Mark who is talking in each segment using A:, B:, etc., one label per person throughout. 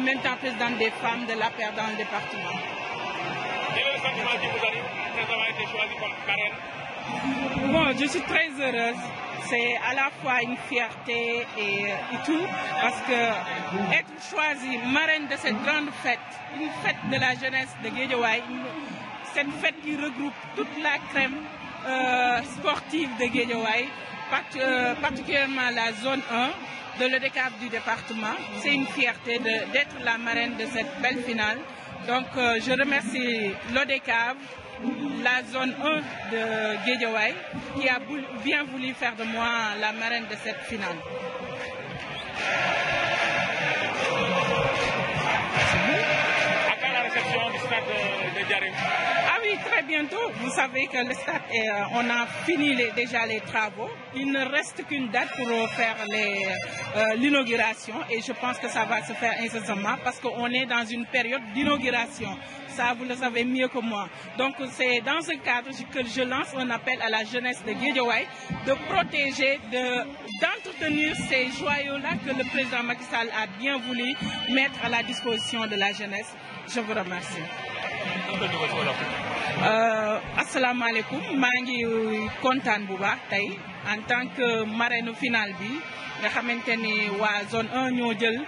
A: en même temps présidente des femmes de la paire dans le département. Quel est le sentiment qui vous arrive après avoir été choisie comme Bon, je suis très heureuse. C'est à la fois une fierté et, tout, parce que être choisie marraine de cette grande fête, une fête de la jeunesse de Guédiouaï, cette fête qui regroupe toute la crème euh, sportive de Guédiouaï, euh, particulièrement la zone 1 de l'EDECAP du département. C'est une fierté d'être la marraine de cette belle finale. Donc euh, je remercie l'ODCAV, la zone 1 de Guédiouaï, qui a bien voulu faire de moi la marraine de cette finale. bientôt. Vous savez que le stade, euh, on a fini déjà les travaux. Il ne reste qu'une date pour faire euh, l'inauguration et je pense que ça va se faire incessamment parce qu'on est dans une période d'inauguration. Ça, vous le savez mieux que moi. Donc, c'est dans ce cadre que je lance un appel à la jeunesse de Guédiawaye de protéger, d'entretenir ces joyaux-là que le président Macky Sall a bien voulu mettre à la disposition de la jeunesse. Je vous remercie. Euh, asalaamaaleykum maa ngi kontaan bu baax tey en tant que marraine final bi nga xamante ni waa zone 1 ñoo jël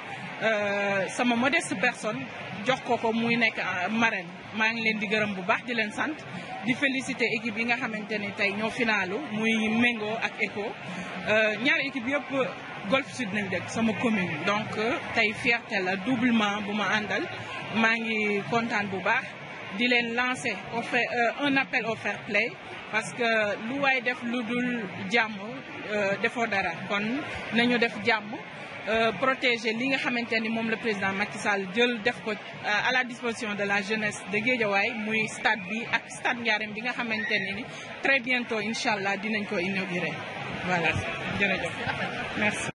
A: euh, sama modeste personne jox ko ko muy nekk euh, marraine maa ngi leen di gërëm bu baax di leen sant di féliciter équipe yi nga xamante ni tey ñoo finaalu muy Mengo ak éco ñaari équipe yëpp Golf Sud nañ dëkk sama commune donc tey fierte la doublement bu ma àndal maa ngi kontaan bu baax di lancer on fait euh, un appel au fair play parce que lu def lu dul euh, defo dara kon nañu def jàmm euh, protéger li nga xamanteni mom le président Macky Sall jël def ko à la disposition de la jeunesse de Guédiawaye muy stade bi ak stade Ndiarème bi nga xamanteni très bientôt inshallah allah dinañ ko inaugurer voilà jërëjëf merci.